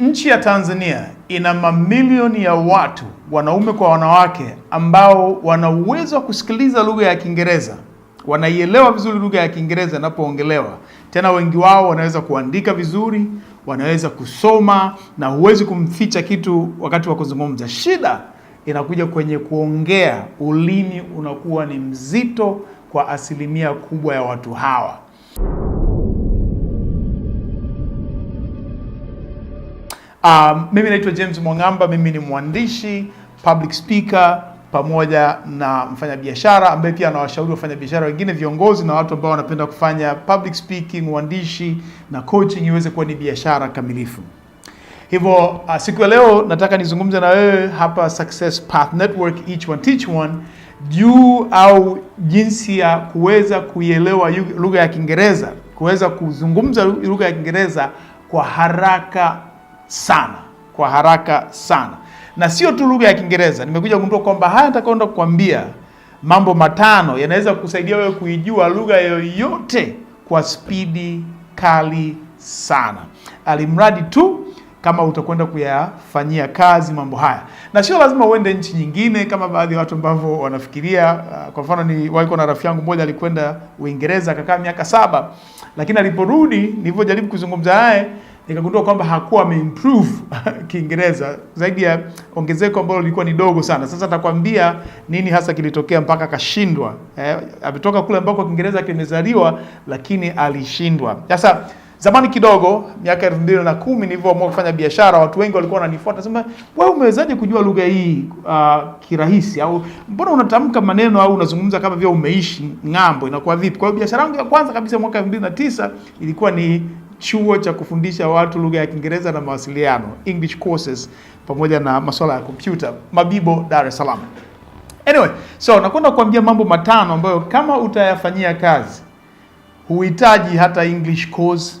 Nchi ya Tanzania ina mamilioni ya watu, wanaume kwa wanawake, ambao wana uwezo wa kusikiliza lugha ya Kiingereza, wanaielewa vizuri lugha ya Kiingereza inapoongelewa. Tena wengi wao wanaweza kuandika vizuri, wanaweza kusoma, na huwezi kumficha kitu wakati wa kuzungumza. Shida inakuja kwenye kuongea, ulimi unakuwa ni mzito kwa asilimia kubwa ya watu hawa. Um, mimi naitwa James Mwang'amba, mimi ni mwandishi, public speaker pamoja na mfanyabiashara ambaye pia anawashauri wafanyabiashara wengine, viongozi na watu ambao wanapenda kufanya public speaking, uandishi na coaching iweze kuwa ni biashara kamilifu. Hivyo uh, siku ya leo nataka nizungumze na wewe hapa Success Path Network, each one teach one, juu au jinsi ya kuweza kuielewa lugha ya Kiingereza, kuweza kuzungumza lugha ya Kiingereza kwa haraka sana, kwa haraka sana, na sio tu lugha ya Kiingereza. Nimekuja kugundua kwamba haya nitakayoenda kukwambia mambo matano yanaweza kusaidia wewe kuijua lugha yoyote kwa spidi kali sana, alimradi tu kama utakwenda kuyafanyia kazi mambo haya, na sio lazima uende nchi nyingine kama baadhi ya watu ambavyo wanafikiria. Uh, kwa mfano, ni waiko na rafiki yangu mmoja alikwenda Uingereza akakaa miaka saba, lakini aliporudi, nilivyojaribu kuzungumza naye nikagundua kwamba hakuwa ameimprove Kiingereza zaidi ya ongezeko ambalo lilikuwa ni dogo sana. Sasa atakwambia nini hasa kilitokea mpaka akashindwa. Eh, ametoka kule ambako Kiingereza kimezaliwa lakini alishindwa. Sasa zamani kidogo, miaka elfu mbili na kumi nilivyoamua kufanya biashara, watu wengi walikuwa wananifuata sema, wewe umewezaje kujua lugha hii uh, kirahisi au mbona unatamka maneno au unazungumza kama vile umeishi ng'ambo, inakuwa vipi? Kwa hiyo biashara yangu ya kwanza kabisa mwaka elfu mbili na tisa ilikuwa ni chuo cha kufundisha watu lugha ya Kiingereza na mawasiliano, English courses, pamoja na masuala ya kompyuta, Mabibo, Dar es Salaam. Anyway, so nakwenda kuambia mambo matano ambayo kama utayafanyia kazi huhitaji hata English course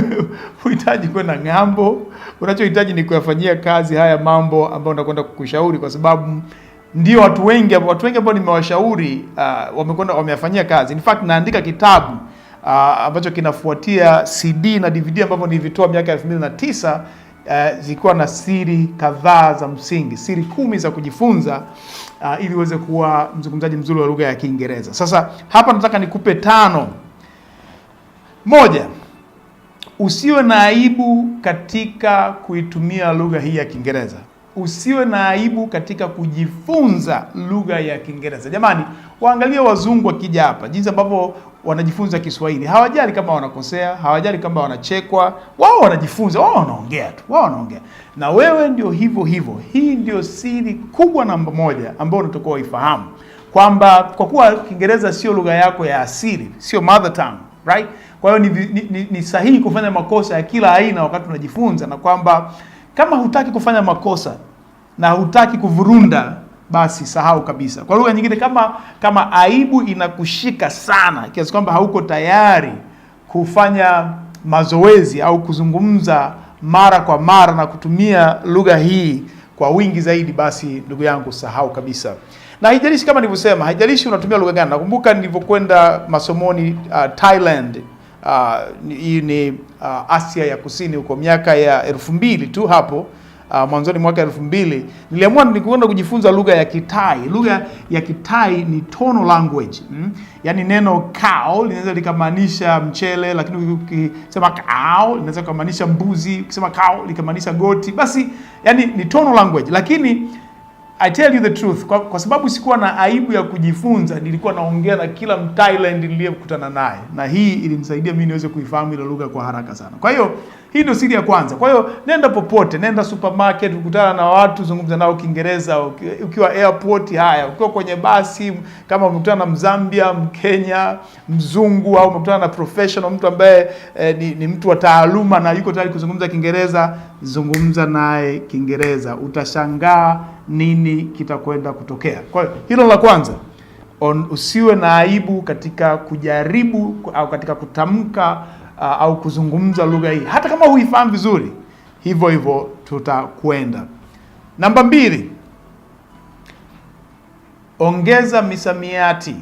huhitaji kwenda ng'ambo. Unachohitaji ni kuyafanyia kazi haya mambo ambayo nakwenda kukushauri, kwa sababu ndio watu wengi watu wengi ambao nimewashauri uh, wamekwenda wameyafanyia kazi. In fact naandika kitabu uh, ambacho kinafuatia CD na DVD ambavyo nilivitoa miaka 2009 uh, zikiwa na siri kadhaa za msingi, siri kumi za kujifunza uh, ili uweze kuwa mzungumzaji mzuri wa lugha ya Kiingereza. Sasa hapa nataka nikupe tano. Moja, usiwe na aibu katika kuitumia lugha hii ya Kiingereza. Usiwe na aibu katika kujifunza lugha ya Kiingereza. Jamani, waangalie wazungu wakija hapa, jinsi ambavyo wanajifunza Kiswahili, hawajali kama wanakosea, hawajali kama wanachekwa, wao wanajifunza, wao wanaongea tu, wao wanaongea na wewe. Ndio hivyo hivyo. Hii ndio siri kubwa namba moja ambayo unatakiwa uifahamu, kwamba kwa kuwa Kiingereza sio lugha yako ya asili, sio mother tongue, right? Kwa hiyo ni, ni, ni, ni sahihi kufanya makosa ya kila aina wakati unajifunza, na kwamba kama hutaki kufanya makosa na hutaki kuvurunda basi sahau kabisa. Kwa lugha nyingine, kama kama aibu inakushika sana kiasi kwamba hauko tayari kufanya mazoezi au kuzungumza mara kwa mara na kutumia lugha hii kwa wingi zaidi, basi ndugu yangu, sahau kabisa. Na haijalishi kama nilivyosema, haijalishi unatumia lugha gani. Nakumbuka nilivyokwenda masomoni uh, Thailand hii uh, ni uh, Asia ya Kusini huko miaka ya elfu mbili tu hapo uh, mwanzoni mwaka elfu mbili niliamua nikuenda kujifunza lugha ya Kitai. Lugha ya Kitai ni tono language mm? Yaani neno kao linaweza likamaanisha mchele, lakini ukisema kao linaweza likamaanisha mbuzi, ukisema kao likamaanisha goti. Basi yani ni tono language, lakini I tell you the truth kwa, kwa sababu sikuwa na aibu ya kujifunza, nilikuwa naongea na kila Mthailand niliyekutana naye, na hii ilinisaidia mimi niweze kuifahamu ile lugha kwa haraka sana. Kwa hiyo hii ndio siri ya kwanza. Kwa hiyo nenda popote, nenda supermarket, ukutana na watu, zungumza nao Kiingereza, ukiwa airport, haya, ukiwa kwenye basi, kama umekutana na Mzambia, Mkenya, mzungu au umekutana na professional, mtu ambaye eh, ni, ni mtu wa taaluma na yuko tayari kuzungumza Kiingereza, zungumza naye Kiingereza, utashangaa nini kitakwenda kutokea. Kwa hiyo hilo la kwanza on, usiwe na aibu katika kujaribu au katika kutamka uh, au kuzungumza lugha hii hata kama huifahamu vizuri, hivyo hivyo tutakwenda. Namba mbili, ongeza misamiati.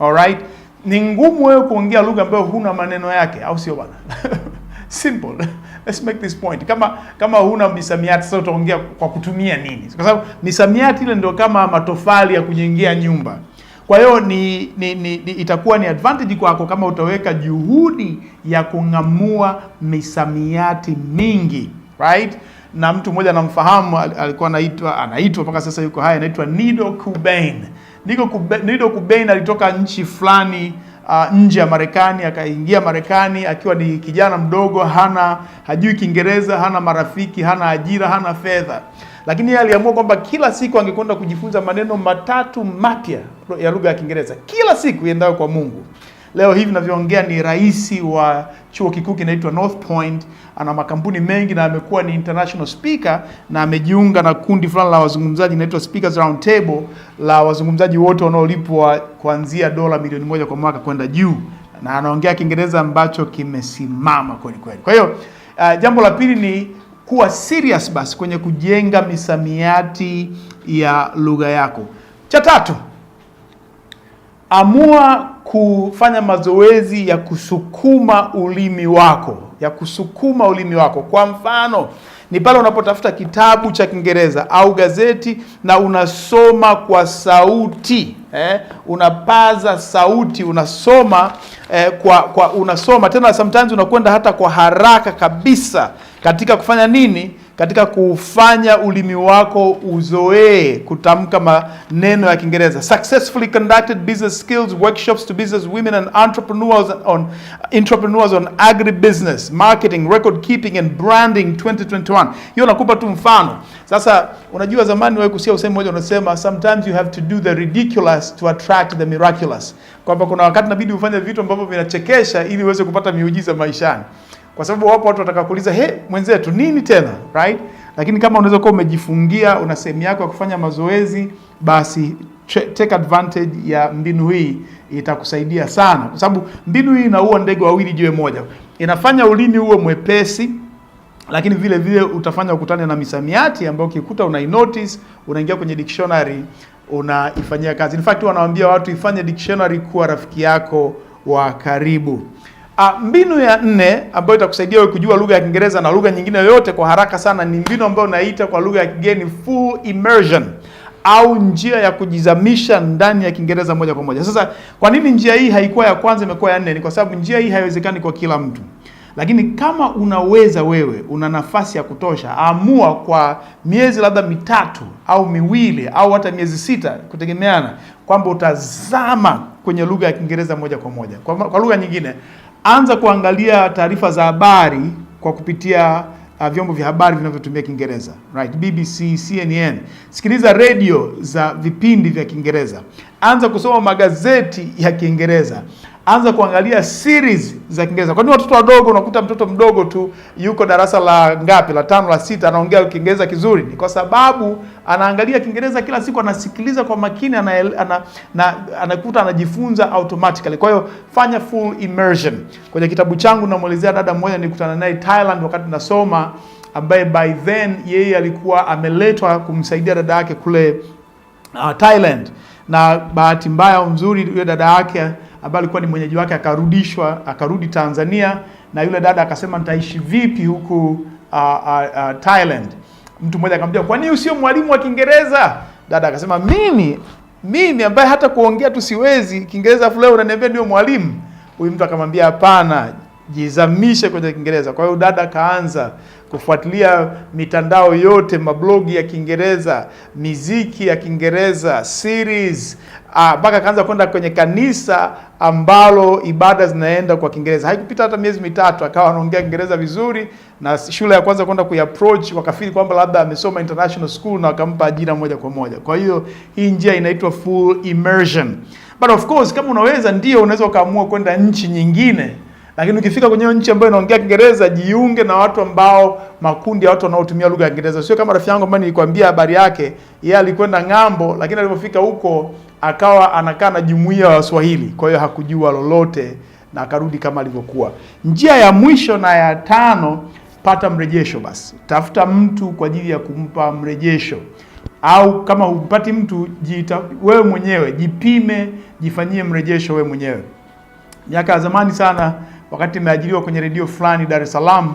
Alright, ni ngumu wewe kuongea lugha ambayo huna maneno yake, au sio bwana? simple, let's make this point. Kama kama huna misamiati sasa, utaongea kwa kutumia nini? Kwa sababu misamiati ile ndio kama matofali ya kujengea nyumba. Kwa hiyo ni, ni, ni, ni itakuwa ni advantage kwako kama utaweka juhudi ya kung'amua misamiati mingi right? Na mtu mmoja anamfahamu, alikuwa anaitwa anaitwa mpaka sasa yuko hai, anaitwa Nido Kubain. Nido Kubain alitoka nchi fulani uh, nje ya Marekani, akaingia Marekani akiwa ni kijana mdogo, hana hajui Kiingereza, hana marafiki, hana ajira, hana fedha, lakini yeye aliamua kwamba kila siku angekwenda kujifunza maneno matatu mapya ya lugha ya Kiingereza kila siku iendayo kwa Mungu. Leo hivi navyoongea ni rais wa chuo kikuu kinaitwa North Point, ana makampuni mengi na amekuwa ni international speaker na amejiunga na kundi fulani la wazungumzaji inaitwa Speakers Round Table la wazungumzaji wote wanaolipwa kuanzia dola milioni moja kwa mwaka kwenda juu, na anaongea Kiingereza ambacho kimesimama kweli kweli. Kwa hiyo uh, jambo la pili ni kuwa serious basi kwenye kujenga misamiati ya lugha yako. Cha tatu, amua kufanya mazoezi ya kusukuma ulimi wako, ya kusukuma ulimi wako. Kwa mfano ni pale unapotafuta kitabu cha Kiingereza au gazeti na unasoma kwa sauti eh, unapaza sauti unasoma eh, kwa, kwa unasoma tena, sometimes unakwenda hata kwa haraka kabisa katika kufanya nini katika kufanya ulimi wako uzoee kutamka maneno ya Kiingereza. Successfully conducted business skills workshops to business women and entrepreneurs on entrepreneurs on agri business marketing, record keeping and branding 2021. Hiyo nakupa tu mfano. Sasa unajua zamani wewe kusikia usemi mmoja unasema sometimes you have to do the ridiculous to attract the miraculous. Kwamba kuna wakati inabidi ufanye vitu ambavyo vinachekesha ili uweze kupata miujiza maishani kwa sababu wapo watu kuuliza he, mwenzetu nini tena, right? Lakini kama unaweza kuwa umejifungia una sehemu yako ya kufanya mazoezi, basi take advantage ya mbinu hii, itakusaidia sana, kwa sababu mbinu hii inaua ndege wawili jiwe moja, inafanya ulimi uwe mwepesi lakini vile vile utafanya ukutane na misamiati ambayo ukikuta una notice, unaingia kwenye dictionary unaifanyia kazi. In fact wanawaambia watu ifanye dictionary kuwa rafiki yako wa karibu. A, ah, mbinu ya nne ambayo itakusaidia wewe kujua lugha ya Kiingereza na lugha nyingine yoyote kwa haraka sana ni mbinu ambayo naita kwa lugha ya kigeni full immersion au njia ya kujizamisha ndani ya Kiingereza moja kwa moja. Sasa kwa nini njia hii haikuwa ya kwanza imekuwa ya nne? Ni kwa sababu njia hii haiwezekani kwa kila mtu. Lakini kama unaweza wewe, una nafasi ya kutosha, amua kwa miezi labda mitatu au miwili au hata miezi sita, kutegemeana kwamba utazama kwenye lugha ya Kiingereza moja kwa moja. Kwa, kwa lugha nyingine anza kuangalia taarifa za habari kwa kupitia uh, vyombo vya habari vinavyotumia Kiingereza, right? BBC, CNN. Sikiliza redio za vipindi vya Kiingereza. Anza kusoma magazeti ya Kiingereza anza kuangalia series za Kiingereza. nini watoto wadogo, unakuta mtoto mdogo tu yuko darasa la ngapi, la tano, la sita, anaongea Kiingereza kizuri, ni kwa sababu anaangalia Kiingereza kila siku, anasikiliza kwa makini, anakuta ana, ana, anajifunza automatically. Kwa hiyo fanya full immersion. Kwenye kitabu changu namwelezea dada mmoja nilikutana naye Thailand wakati nasoma, ambaye by then yeye alikuwa ameletwa kumsaidia dada yake kule uh, Thailand, na bahati mbaya au mzuri, yule dada yake ambaye alikuwa ni mwenyeji wake akarudishwa, akarudi Tanzania, na yule dada akasema nitaishi vipi huku uh, uh, uh, Thailand. Mtu mmoja akamwambia kwa nini usio mwalimu wa Kiingereza? Dada akasema mimi mimi ambaye hata kuongea tu siwezi Kiingereza, fulani unaniambia ndio mwalimu? Huyu mtu akamwambia hapana, jizamishe kwenye Kiingereza. Kwa hiyo dada kaanza kufuatilia mitandao yote, mablogi ya Kiingereza, miziki ya Kiingereza, series ah, mpaka akaanza kwenda kwenye kanisa ambalo ibada zinaenda kwa Kiingereza. Haikupita hata miezi mitatu, akawa anaongea Kiingereza vizuri, na shule ya kwanza kwenda kuiapproach, wakafiri kwamba labda amesoma international school na wakampa ajira moja kwa moja. Kwa hiyo hii njia inaitwa full immersion, but of course, kama unaweza, ndio unaweza ukaamua kwenda nchi nyingine lakini ukifika kwenye nchi ambayo inaongea Kiingereza, jiunge na watu ambao, makundi ya watu wanaotumia lugha ya Kiingereza. Sio kama rafiki yangu ambaye nilikwambia habari yake, yeye alikwenda ng'ambo, lakini alipofika huko akawa anakaa na jumuiya ya Waswahili, kwa hiyo hakujua lolote na akarudi kama alivyokuwa. Njia ya mwisho na ya tano, pata mrejesho. Basi tafuta mtu kwa ajili ya kumpa mrejesho, au kama hupati mtu jita, wewe mwenyewe jipime, jifanyie mrejesho wewe mwenyewe. Miaka ya zamani sana wakati nimeajiriwa kwenye redio fulani Dar es Salaam,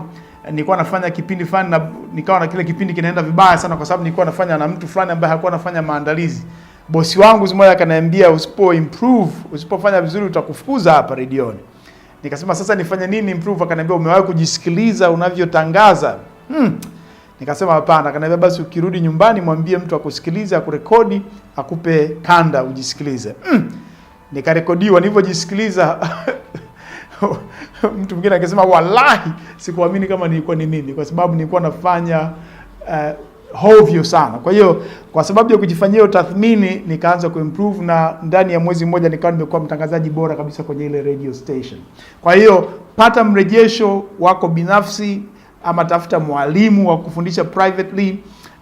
nilikuwa nafanya kipindi fulani na nikawa na kile kipindi kinaenda vibaya sana, kwa sababu nilikuwa nafanya na mtu fulani ambaye hakuwa anafanya maandalizi. Bosi wangu mmoja akaniambia, usipo improve, usipofanya vizuri utakufukuza hapa redioni. Nikasema sasa nifanye nini improve? Akaniambia, umewahi kujisikiliza unavyotangaza? hmm. Nikasema hapana. Akaniambia basi ukirudi nyumbani mwambie mtu akusikilize, akurekodi, akupe kanda ujisikilize. hmm. Nikarekodiwa, nilivyojisikiliza mtu mwingine akisema wallahi, sikuamini kama nilikuwa ni mimi, kwa sababu nilikuwa nafanya uh, hovyo sana. Kwa hiyo kwa sababu ya kujifanyia tathmini, nikaanza kuimprove na ndani ya mwezi mmoja nikawa nimekuwa mtangazaji bora kabisa kwenye ile radio station. Kwa hiyo pata mrejesho wako binafsi, ama tafuta mwalimu wa kufundisha privately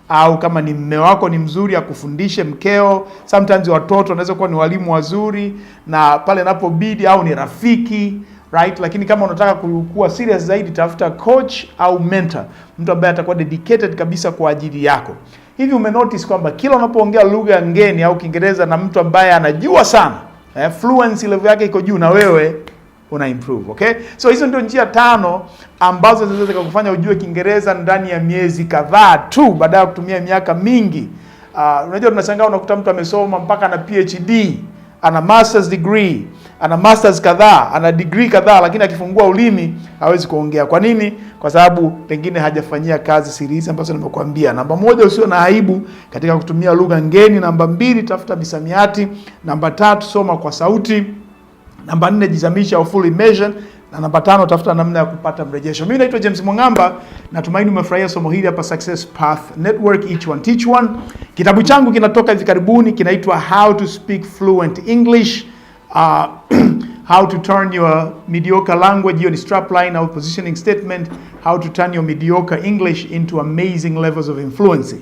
au kama ni mme wako ni mzuri akufundishe mkeo. Sometimes watoto wanaweza kuwa ni walimu wazuri, na pale inapobidi, au ni rafiki right? Lakini kama unataka kuwa serious zaidi, tafuta coach au mentor, mtu ambaye atakuwa dedicated kabisa kwa ajili yako. Hivi umenotice kwamba kila unapoongea lugha ngeni au Kiingereza na mtu ambaye anajua sana eh, fluency level yake iko juu na wewe una improve, okay? So hizo ndio njia tano ambazo zinaweza kukufanya ujue Kiingereza ndani ya miezi kadhaa tu baada ya kutumia miaka mingi. Uh, unajua tunashangaa unakuta mtu amesoma mpaka na PhD ana masters degree, ana masters kadhaa, ana degree kadhaa, lakini akifungua ulimi hawezi kuongea. Kwa nini? Kwa sababu pengine hajafanyia kazi siri hizi ambazo nimekuambia. Namba moja, usio na aibu katika kutumia lugha ngeni. Namba mbili, tafuta misamiati. Namba tatu, soma kwa sauti. Namba nne, jizamisha full immersion na namba tano, tafuta namna ya kupata mrejesho. Mimi naitwa James Mwang'amba, natumaini umefurahia somo hili hapa Success Path Network, each one teach one. Kitabu changu kinatoka hivi karibuni kinaitwa How to Speak Fluent English, uh, how to turn your mediocre language, hiyo ni strapline au positioning statement, how to turn your mediocre English into amazing levels of influence.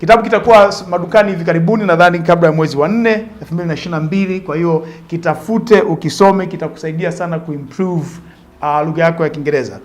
Kitabu kitakuwa madukani hivi karibuni, nadhani kabla ya mwezi wa 4 2022. Kwa hiyo kitafute, ukisome, kitakusaidia sana kuimprove uh, lugha yako ya Kiingereza.